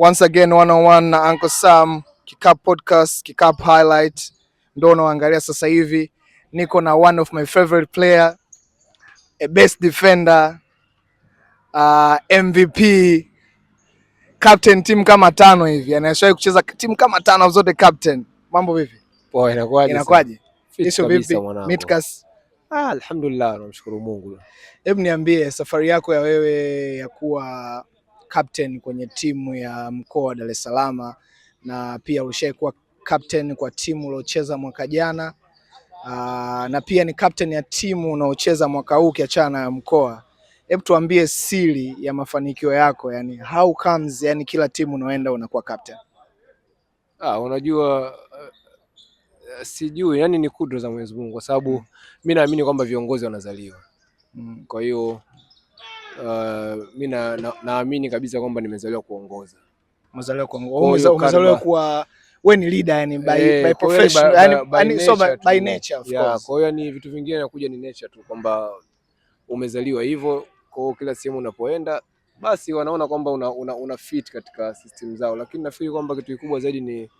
Once again one on one na Uncle Sam Kikap Podcast, Kikap Highlight ndo unaoangalia sasa hivi. Niko na one of my favorite player, a best defender, uh, MVP, captain team kama tano hivi, anashawahi kucheza team kama tano zote captain. Mambo vipi? Poa, inakuwaje? Inakuwaje? Isu vipi? Mitkas. Ah, alhamdulillah, namshukuru Mungu. Hebu niambie safari yako ya wewe ya kuwa captain kwenye timu ya mkoa wa Dar es Salaam na pia ulishawahi kuwa captain kwa timu uliocheza mwaka jana Uh, na pia ni captain ya timu unaocheza mwaka huu ukiachana na mkoa. Hebu tuambie siri ya mafanikio yako, yani how comes, yani kila timu unaoenda unakuwa captain? Ah, unajua uh, sijui yani ni kudra za Mwenyezi Mungu kwa sababu mimi mm. naamini kwamba viongozi wanazaliwa. Mm. Kwa hiyo uh, mi naamini na kabisa kwamba nimezaliwa kuongoza. Umezaliwa kuongoza, umezaliwa kuwa wewe ni leader yani by, hey, eh, by profession yani by, by, by, so by by nature of yeah, course. Kwa hiyo ni vitu vingine nakuja ni nature tu kwamba umezaliwa hivyo, kwa hiyo kila sehemu unapoenda basi wanaona kwamba una, una, una fit katika system zao, lakini nafikiri kwamba kitu kikubwa zaidi ni,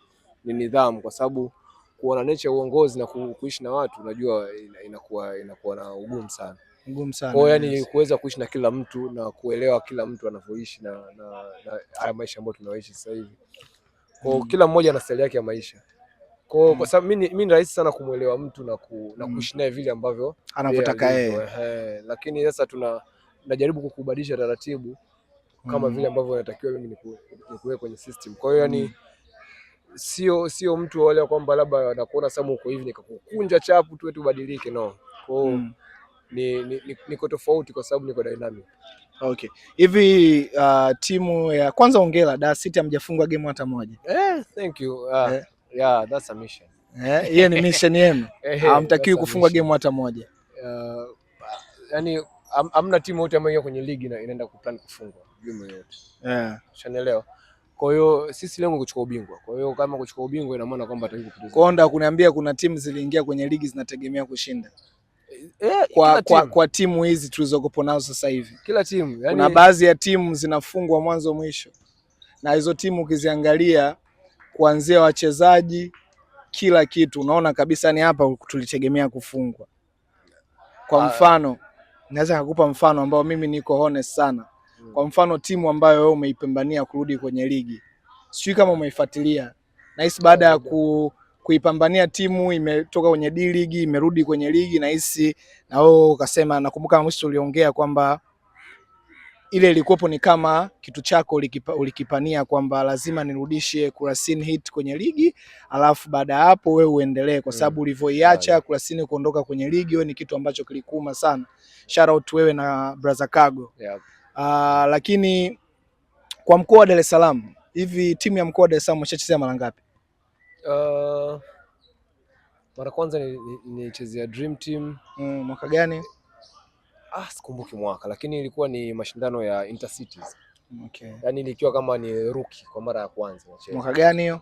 ni nidhamu kwa sababu kuona nature uongozi na kuishi na watu unajua inakuwa inakuwa na ugumu sana ngumu sana. Kwa yani kuweza kuishi na kila mtu na kuelewa kila mtu anavyoishi na, na, na haya maisha ambayo tunaoishi sasa hivi. Kwa hmm. Kila mmoja ana staili yake ya maisha. Kwa hmm. Kwa mm. sababu mimi mimi ni rahisi sana kumwelewa mtu na, ku, na mm. kuishi naye vile ambavyo anavyotaka yeye. Lakini sasa tuna najaribu kukubadilisha taratibu kama mm. vile ambavyo natakiwa mimi nikuwe kwenye system. Kwa hiyo yani mm. sio sio mtu wale kwamba labda nakuona sasa uko hivi nikakukunja chapu tu eti ubadilike, no. Kwa hmm ni, ni, ni, niko tofauti kwa sababu niko dynamic. Okay. Hivi uh, timu ya kwanza ongela Dar City hamjafungwa game hata moja. Eh, thank you. Uh, eh. Yeah, that's a mission. Eh, hiyo ni mission yenu. Eh, Hamtakiwi kufungwa game hata moja. Uh, yani hamna am, timu yote ambayo kwenye ligi na inaenda kuplan kufungwa game yote. Eh. Shanelewa. Kwa hiyo sisi lengo kuchukua ubingwa. Kwa hiyo kama kuchukua ubingwa ina maana kwamba tutaweza kupoteza. Kwa hiyo kuniambia kuna timu ziliingia kwenye ligi zinategemea kushinda eh, kwa, kwa, kwa timu hizi tulizokopo nazo sasa hivi kila timu yani... kuna baadhi ya timu zinafungwa mwanzo mwisho, na hizo timu ukiziangalia kuanzia wachezaji, kila kitu unaona kabisa ni hapa tulitegemea kufungwa. Kwa ah. mfano naweza kukupa mfano ambao mimi niko honest sana. Hmm. Kwa mfano timu ambayo wewe umeipambania kurudi kwenye ligi, sijui kama umeifuatilia, nahisi baada ya ku kuipambania timu, imetoka kwenye D ligi imerudi kwenye ligi, nahisi na wewe ukasema, nakumbuka mwisho uliongea kwamba ile ilikuwepo ni kama kitu chako ulikipa, ulikipania kwamba lazima nirudishe Kurasini hit kwenye ligi, alafu baada ya hapo wewe uendelee, kwa mm. sababu ulivyoiacha Kurasini kuondoka kwenye ligi, wewe ni kitu ambacho kilikuuma sana. Shout out wewe na Brother Kago. Yep. Uh, ah, lakini kwa mkoa wa Dar es Salaam hivi timu ya mkoa wa Dar es Salaam umeshachezea mara ngapi? Uh, mara kwanza nilichezea ni, ni Dream Team mm, mwaka gani? Ah, sikumbuki mwaka lakini ilikuwa ni mashindano ya Intercities. Okay. Yaani nilikuwa kama ni rookie kwa mara ya kwanza nacheza. Mwaka gani hiyo?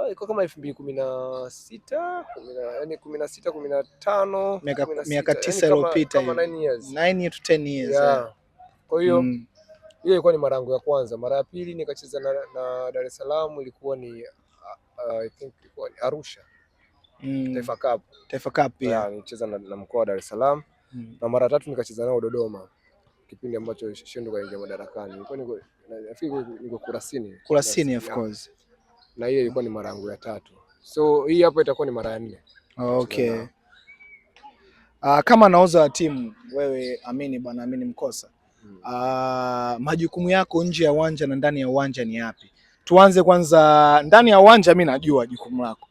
Uh, ilikuwa kama elfu mbili kumi na 9 yaani kumi na sita kumi na tano Kwa hiyo mm. hiyo ilikuwa ni mara yangu ya kwanza. Mara ya pili nikacheza na, na Dar es Salaam ilikuwa ni Uh, I think ilikuwa Arusha mm. Taifa Cup, Taifa Cup pia yeah. Nicheza na, na mkoa wa Dar es Salaam mm. na mara tatu nikacheza nao Dodoma kipindi ambacho Shendo kaingia madarakani, niko nafikiri kurasini, kurasini of course, na hiyo ilikuwa ni mara yangu ya tatu, so hii hapa itakuwa ni mara ya nne. Oh, okay. Uh, kama nauza wa timu wewe, Amini bwana Amini Mkosa, uh, majukumu yako nje ya uwanja na ndani ya uwanja ni yapi? tuanze kwanza ndani ya uwanja. Mi najua jukumu lako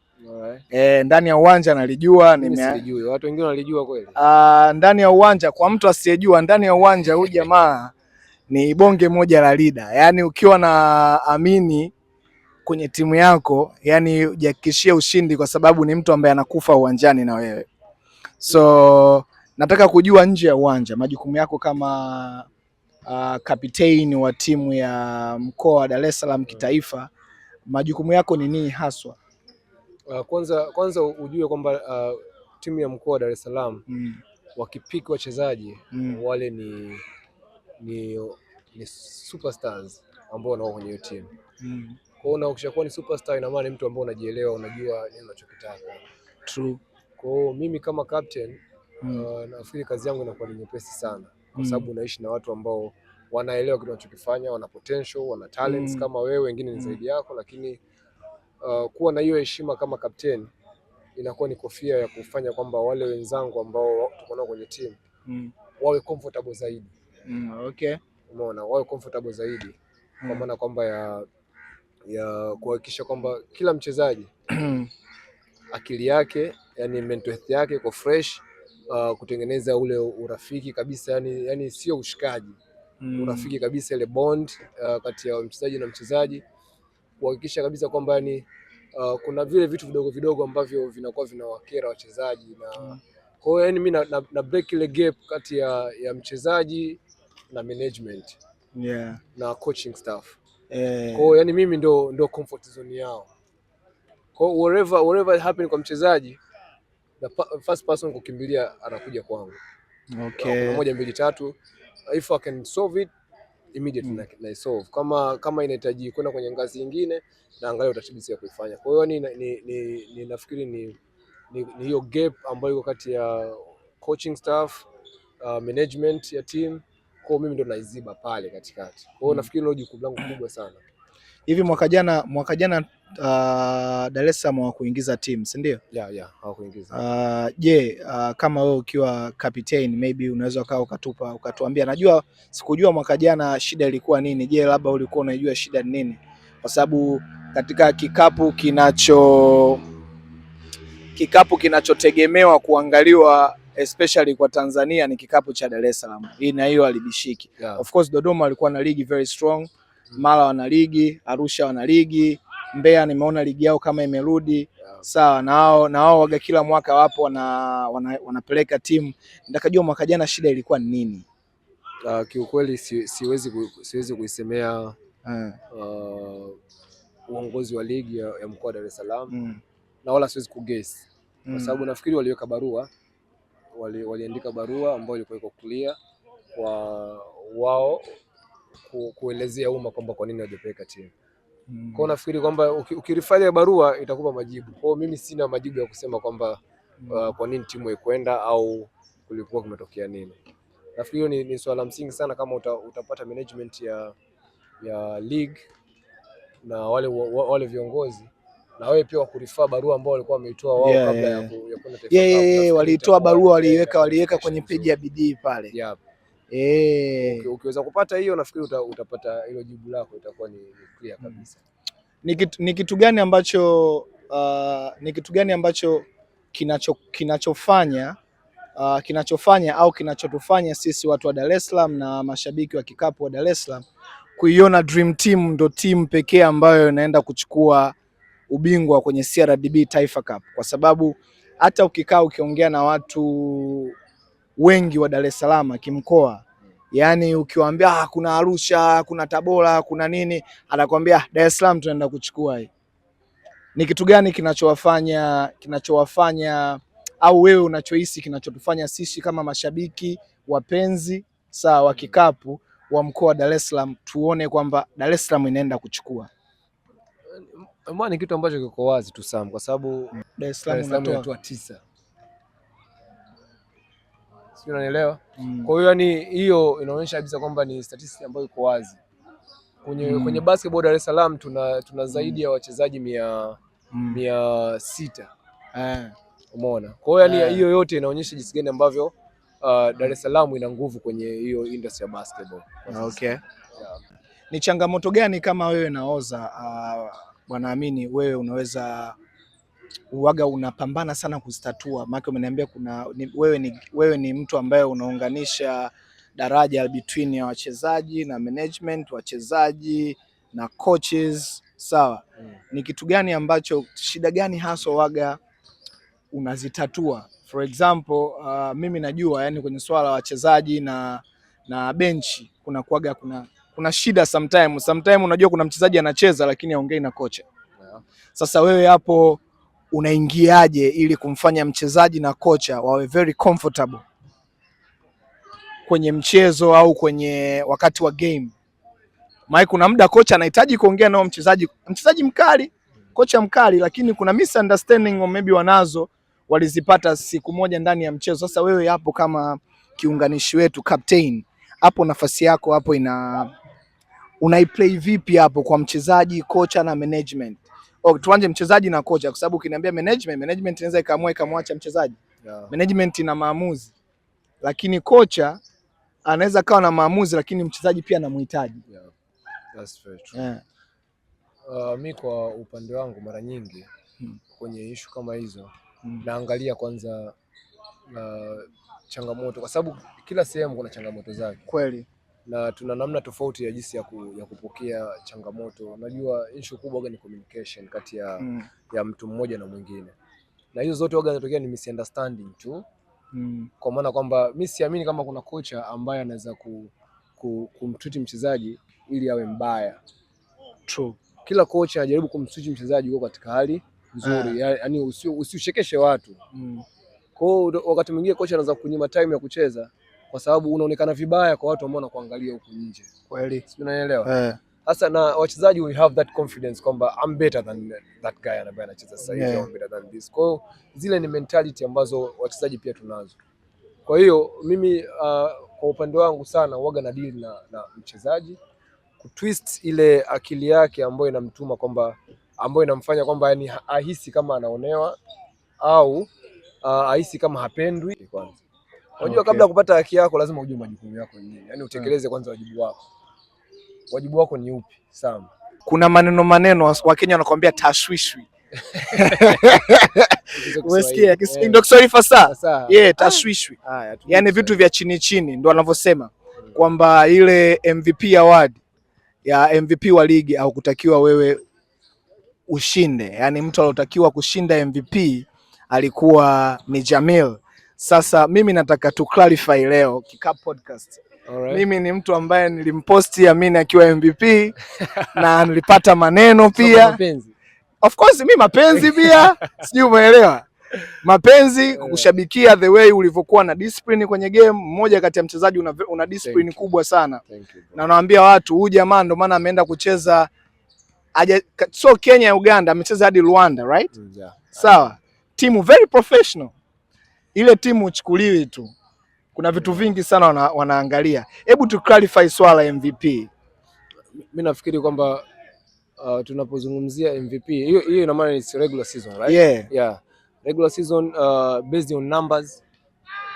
eh, ndani ya uwanja nalijua, nimejui watu wengine walijua kweli. Ah, ndani ya uwanja kwa mtu asiyejua, ndani ya uwanja huyu jamaa ni bonge moja la lida, yaani ukiwa na Amini kwenye timu yako, yani jihakikishie ushindi, kwa sababu ni mtu ambaye anakufa uwanjani na wewe. So nataka kujua nje ya uwanja majukumu yako kama uh, kapiteini wa timu ya mkoa wa Dar es Salaam mm. kitaifa, majukumu yako ni nini haswa? Uh, kwanza, kwanza ujue kwamba uh, timu ya mkoa wa Dar es Salaam mm. wakipiki wachezaji mm. wale ni, ni, ni superstars ambao wanao kwenye hiyo timu mm. kwa hiyo ukishakuwa ni superstar, ina maana mtu ambao unajielewa, unajua nini unachokitaka. True. Kwa hiyo mimi kama captain mm. uh, nafikiri kazi yangu inakuwa ni nyepesi sana kwa sababu mm. unaishi na watu ambao wanaelewa kitu wanachokifanya, wana potential, wana talents mm. kama wewe, wengine ni mm. zaidi yako, lakini uh, kuwa na hiyo heshima kama captain inakuwa ni kofia ya kufanya kwamba wale wenzangu ambao tuko nao kwenye timu mm. wawe comfortable zaidi mm, okay. Umeona, wawe comfortable zaidi mm. kwa maana kwamba ya ya kuhakikisha kwamba kila mchezaji akili yake, yani mental health yake iko fresh uh, kutengeneza ule urafiki kabisa, yani, yani sio ushikaji mm. urafiki kabisa, ile bond uh, kati ya mchezaji na mchezaji, kuhakikisha kabisa kwamba yani uh, kuna vile vitu vidogo vidogo ambavyo vinakuwa vinawakera wachezaji na mm. kwa hiyo yani mimi na, na, na break ile gap kati ya, ya mchezaji na management yeah. na coaching staff eh. Kwa hiyo yani mimi ndo, ndo comfort zone yao kwa whatever, whatever happen kwa mchezaji the first person kukimbilia anakuja kwangu. Okay. Kuna moja mbili tatu, if I can solve it immediately mm. na solve kama kama inahitaji kwenda kwenye ngazi nyingine, na angalia utaratibu ya kuifanya. Kwa hiyo ni, ni, ni, ni nafikiri ni ni hiyo gap ambayo iko kati ya coaching staff uh, management ya team. Kwa hiyo mimi ndo naiziba pale katikati. Kwa hiyo mm. nafikiri ndio jukumu langu kubwa sana hivi mwaka jana mwaka jana uh, Dar es Salaam hawakuingiza timu si ndio? yeah, yeah, hawakuingiza. Uh, je, uh, kama wewe ukiwa captain maybe unaweza ukawa ukatupa ukatuambia, najua sikujua mwaka jana shida ilikuwa nini. Je, labda ulikuwa unajua shida ni nini? Kwa sababu katika kikapu kinacho kikapu kinachotegemewa kuangaliwa especially kwa Tanzania ni kikapu cha Dar es Salaam. Hii na hiyo alibishiki. yeah. Of course Dodoma alikuwa na ligi very strong mara wana ligi, Arusha wana ligi, Mbeya nimeona ligi yao kama imerudi sawa na wao na wao waga kila mwaka wapo wana, wana, wanapeleka timu. Nitakajua mwaka jana shida ilikuwa ni nini? Uh, kiukweli si, siwezi siwezi kuisemea uh, uongozi wa ligi ya, ya mkoa wa Dar es Salaam mm. na wala siwezi kugesi kwa mm. sababu nafikiri waliweka barua wali, waliandika barua ambayo ilikuwa iko kulia kwa wao ku, kuelezea umma kwamba kwa nini hajapeleka timu mm. Kwa nafikiri kwamba ukirifali ya barua itakupa majibu. Kwa mimi sina majibu ya kusema kwamba mm. uh, kwa nini timu haikwenda au kulikuwa kumetokea nini. Nafikiri hiyo ni, ni swala msingi sana kama uta, utapata management ya ya league na wale, wale viongozi na wewe pia wakurifaa barua ambao walikuwa wameitoa wao kabla ya kwenda Taifa Cup. Waliitoa barua waliiweka waliiweka kwenye peji ya bidii pale. Yeah eh. Ukiweza kupata hiyo, nafikiri uta, utapata hilo jibu lako, itakuwa ni clear mm. kabisa. Ni kitu ni kitu gani ambacho uh, ni kitu gani ambacho kinacho kinachofanya uh, kinachofanya au kinachotufanya sisi watu wa Dar es Salaam na mashabiki wa kikapu wa Dar es Salaam kuiona Dream Team ndo timu pekee ambayo inaenda kuchukua ubingwa kwenye CRDB Taifa Cup, kwa sababu hata ukikaa ukiongea na watu wengi wa Dar es Salaam kimkoa, yaani ukiwaambia ah, kuna Arusha, kuna Tabora, kuna nini, anakuambia Dar es Salaam tunaenda kuchukua hii. Ni kitu gani kinachowafanya kinachowafanya au wewe unachohisi kinachotufanya sisi kama mashabiki wapenzi saa wa kikapu wa mkoa wa Dar es Salaam tuone kwamba Dar es Salaam inaenda kuchukua ni kitu ambacho kiko wazi tu Sam, kwa sababu Dar es Salaam inatoa tisa sio, unanielewa? Mm. Kwa hiyo yani hiyo inaonyesha kabisa kwamba ni statistics ambayo iko wazi kwenye, mm. kwenye basketball Dar es Salaam tuna, tuna zaidi ya wachezaji mia, mm. mia sita eh. Umeona, kwa hiyo yani eh. hiyo eh. yote inaonyesha jinsi gani ambavyo uh, Dar es Salaam ina nguvu kwenye hiyo industry ya basketball. Okay. Yeah. Ni changamoto gani kama wewe naoza uh, amini wewe unaweza uwaga unapambana sana kuzitatua, maana umeniambia kuna ni, wewe, ni, wewe ni mtu ambaye unaunganisha daraja between ya wachezaji na management, wachezaji na coaches sawa. Mm. Ni kitu gani ambacho, shida gani hasa waga unazitatua? For example uh, mimi najua yani kwenye swala la wachezaji na na benchi kuna kuaga kuna kuna shida sometime. Sometime unajua kuna mchezaji anacheza lakini aongei na kocha. Yeah. Sasa wewe hapo unaingiaje ili kumfanya mchezaji na kocha wawe very comfortable kwenye mchezo au kwenye wakati wa game? Maana kuna muda kocha anahitaji kuongea nao mchezaji, mchezaji mkali, kocha mkali, lakini kuna misunderstanding maybe wanazo walizipata siku moja ndani ya mchezo. Sasa wewe hapo kama kiunganishi wetu captain, hapo nafasi yako hapo ina unaiplay vipi hapo kwa mchezaji, kocha na management? oh, tuanje mchezaji na kocha, kwa sababu ukiniambia management, management inaweza ikaamua ikamwacha mchezaji yeah. Management ina maamuzi, lakini kocha anaweza kawa na maamuzi, lakini mchezaji pia anamhitaji yeah. Yeah. Uh, mi kwa upande wangu mara nyingi hmm. kwenye ishu kama hizo hmm. naangalia kwanza uh, changamoto kwa sababu kila sehemu kuna changamoto zake kweli na tuna namna tofauti ya jinsi ya, ku, ya kupokea changamoto. Unajua issue kubwa ni communication kati ya, mm. ya mtu mmoja na mwingine, na hizo zote waga zinatokea ni misunderstanding tu mm. kwa maana kwamba mi siamini kama kuna kocha ambaye anaweza ku, ku, kumtreat mchezaji ili awe mbaya. True. Kila kocha anajaribu kumswitch mchezaji huko katika hali nzuri, ah. yaani usiuchekeshe watu mm. Kwa wakati mwingine kocha anaweza kunyima time ya kucheza kwa sababu unaonekana vibaya kwa watu ambao wanakuangalia huku nje. Kweli. Si eh. Sasa na wachezaji we have that confidence kwamba I'm better than that guy ambaye anacheza sasa hivi, I'm better than this. Kwa hiyo zile ni mentality ambazo wachezaji pia tunazo. Kwa hiyo mimi uh, kwa upande wangu sana huwaga na deal na, na mchezaji kutwist ile akili yake ambayo inamtuma kwamba ambayo inamfanya kwamba yani ahisi kama anaonewa au uh, ahisi kama hapendwi kwanza Unajua, okay. kabla ya kupata haki yako lazima ujue majukumu yako yenyewe, yaani hmm. utekeleze kwanza wajibu wako. Wajibu wako ni upi? Sana kuna maneno maneno wa Kenya wanakuambia tashwishwi umesikia eh. ndio Kiswahili fasaha yeah, tashwishwi ah. yaani vitu vya chini chini, ndio wanavyosema kwamba ile MVP award ya MVP wa ligi au kutakiwa wewe ushinde, yaani mtu aliyotakiwa kushinda MVP alikuwa ni Jamil sasa mimi nataka tu clarify leo Kikapu Podcast. Alright. Mimi ni mtu ambaye nilimposti Amini akiwa MVP na nilipata maneno pia of course, mi mapenzi pia sijui umeelewa mapenzi eh. kukushabikia the way ulivyokuwa na discipline kwenye game. Mmoja kati ya mchezaji una, una discipline kubwa sana you, na nawaambia watu huyu jamaa ndo maana ameenda kucheza aja, so Kenya ya Uganda amecheza hadi Rwanda right? Mm, yeah. Sawa, timu very professional ile timu uchukuliwi tu, kuna vitu vingi sana wana, wanaangalia. Hebu tu clarify swala MVP. Mimi nafikiri kwamba uh, tunapozungumzia MVP hiyo hiyo ina maana ni regular season right? Yeah. Yeah. Regular season uh, based on numbers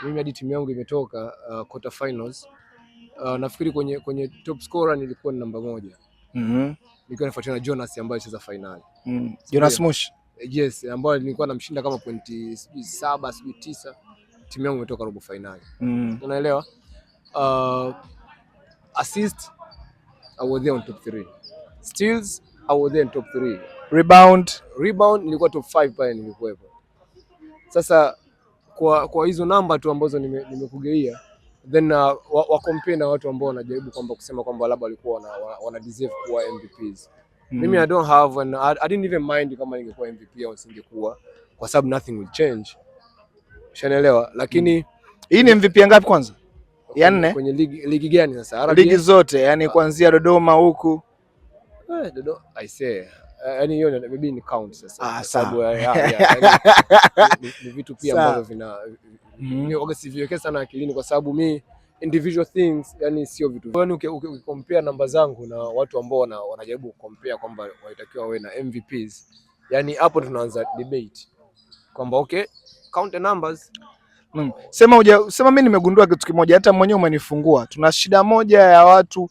mimi hadi timu yangu imetoka uh, quarter finals uh, nafikiri kwenye kwenye top scorer nilikuwa ni namba moja. Mhm. Mm, nikiwa na Jonas ambaye alicheza finali. Mm. Jonas Moshi yes, ambayo nilikuwa namshinda kama pointi sijui saba sijui tisa, timu yangu imetoka robo finali. Mm. Unaelewa? Uh, assist I was there on top 3. Steals I was there on top 3. Rebound, rebound nilikuwa top 5 pale nilikuwepo. Sasa kwa kwa hizo namba tu ambazo nimekugeia nime then uh, wa, wa compare na watu ambao wanajaribu kwamba kusema kwamba labda walikuwa wana, wana deserve kuwa MVPs. Mm. Mimi I don't have an, I didn't even mind kama ningekuwa MVP au singekuwa kwa sababu nothing will change. Ushaelewa? Lakini mm. hii ni MVP ngapi kwanza? Ya nne. Kwenye ligi, ligi gani sasa? Ligi zote, yani kuanzia Dodoma huku. Eh, Dodo, I say. Eh, yani hiyo maybe ni count sasa. Ah, sababu ni vitu pia ambavyo vina, mm-hmm. si viweke sana akilini kwa sababu mimi individual things, yani sio vitu. Kwa hiyo ukikompare namba zangu na watu ambao wanajaribu kukompare kwamba walitakiwa wawe na MVPs, yani hapo tunaanza debate kwamba okay, count the numbers. Mm. Sema uja, sema mimi nimegundua kitu kimoja, hata mwenyewe umenifungua. Tuna shida moja ya watu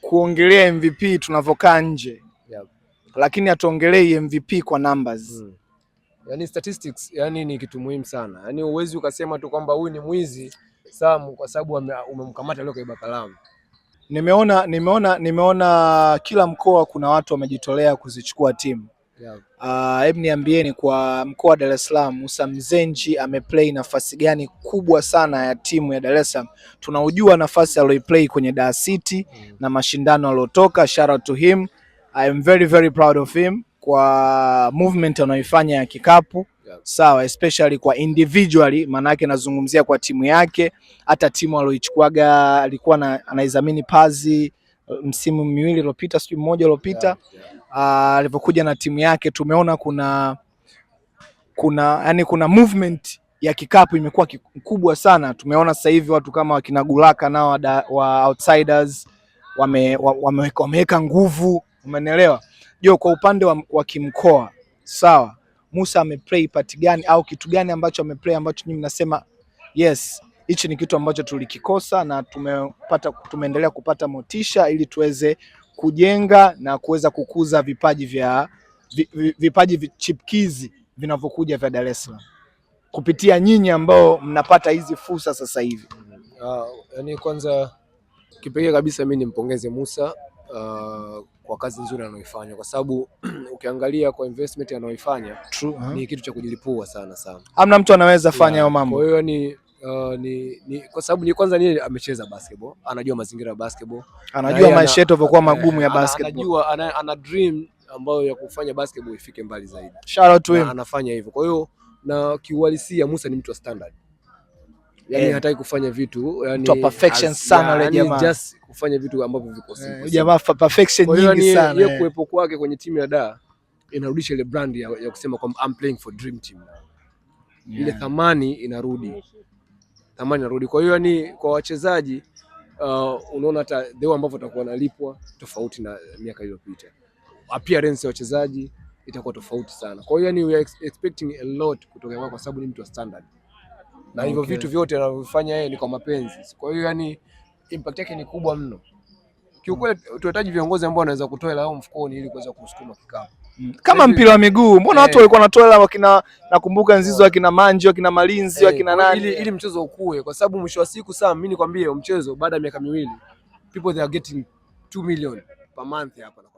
kuongelea MVP tunavyokaa nje. Yep. Lakini hatuongelei MVP kwa numbers. Mm. Yani statistics, yani ni kitu muhimu sana. Yani uwezi ukasema tu kwamba huyu ni mwizi Sam kwa sababu umemkamata leo kaiba kalamu. Nimeona, nimeona, nimeona kila mkoa kuna watu wamejitolea kuzichukua timu yeah. Uh, niambieni kwa mkoa wa Dar es Salaam Musa Mzenji ameplay nafasi gani kubwa sana ya timu ya Dar es Salaam? Tunaujua nafasi aliyoplay kwenye Dar City mm. na mashindano aliyotoka. Shout out to him. I am very very proud of him kwa movement anayoifanya ya kikapu sawa, especially kwa individually, maana yake nazungumzia kwa timu yake, hata timu aliyoichukuaga alikuwa anaidhamini Pazi uh, msimu miwili iliyopita, sijui mmoja uliopita alivyokuja yeah, yeah. Uh, na timu yake tumeona kuna kuna yani kuna movement ya kikapu imekuwa kubwa sana. Tumeona sasa hivi watu kama wakina Gulaka nao wa outsiders wameweka wame, wameweka nguvu, umeelewa jo, kwa upande wa, wa kimkoa sawa Musa ameplay part gani au kitu gani ambacho ameplay ambacho nyinyi mnasema yes, hichi ni kitu ambacho tulikikosa na tumepata, tumeendelea kupata motisha ili tuweze kujenga na kuweza kukuza vipaji vya vipaji chipkizi vinavyokuja vya Dar es Salaam kupitia nyinyi ambao mnapata hizi fursa sasa hivi. Uh, yani kwanza kipekee kabisa mimi nimpongeze Musa uh, kwa kazi nzuri anaoifanya, kwa sababu ukiangalia kwa investment anaoifanya uh-huh. ni kitu cha kujilipua sana sana, hamna mtu anaweza fanya hayo mambo. Kwa hiyo ni Uh, ni, ni, kwa sababu ni kwanza niye amecheza basketball, anajua mazingira ya basketball, anajua maisha yetu yalivyokuwa magumu ya basketball, anajua ana, ana dream ambayo ya kufanya basketball ifike mbali zaidi. Shout out to him, anafanya hivyo. Kwa hiyo na kiuhalisia Musa ni mtu wa standard yani yeah. hataki kufanya vitu yani to perfection sana yule yaani jamaa, just kufanya vitu ambavyo viko simple. Eh, jamaa perfection nyingi yaani sana. Yeye eh. kuwepo kwake kwenye timu ya da inarudisha ile brand ya, ya kusema kwamba I'm playing for dream team. Ile yeah. thamani inarudi, thamani inarudi. Kwa hiyo yani kwa wachezaji uh, unaona hata deo ambavyo atakuwa analipwa tofauti na miaka iliyopita, appearance ya wachezaji itakuwa tofauti sana. Kwa hiyo yani we are expecting a lot kutoka kwako, kwa sababu ni mtu wa standard na hivyo okay. Vitu vyote anavyofanya yeye ni kwa mapenzi. Kwa hiyo yani impact yake ni kubwa mno kiukweli. Tunahitaji viongozi ambao wanaweza kutoa hela yao mfukoni ili kuweza kusukuma kikao mm. kama mpira wa miguu mbona eh. watu walikuwa wanatoa hela wakina, nakumbuka nzizo eh. wakina Manji wakina Malinzi eh, wakina nani, ili, ili mchezo ukue, kwa sababu mwisho wa siku saa mimi nikwambie, mchezo baada ya miaka miwili people they are getting 2 million per month hapa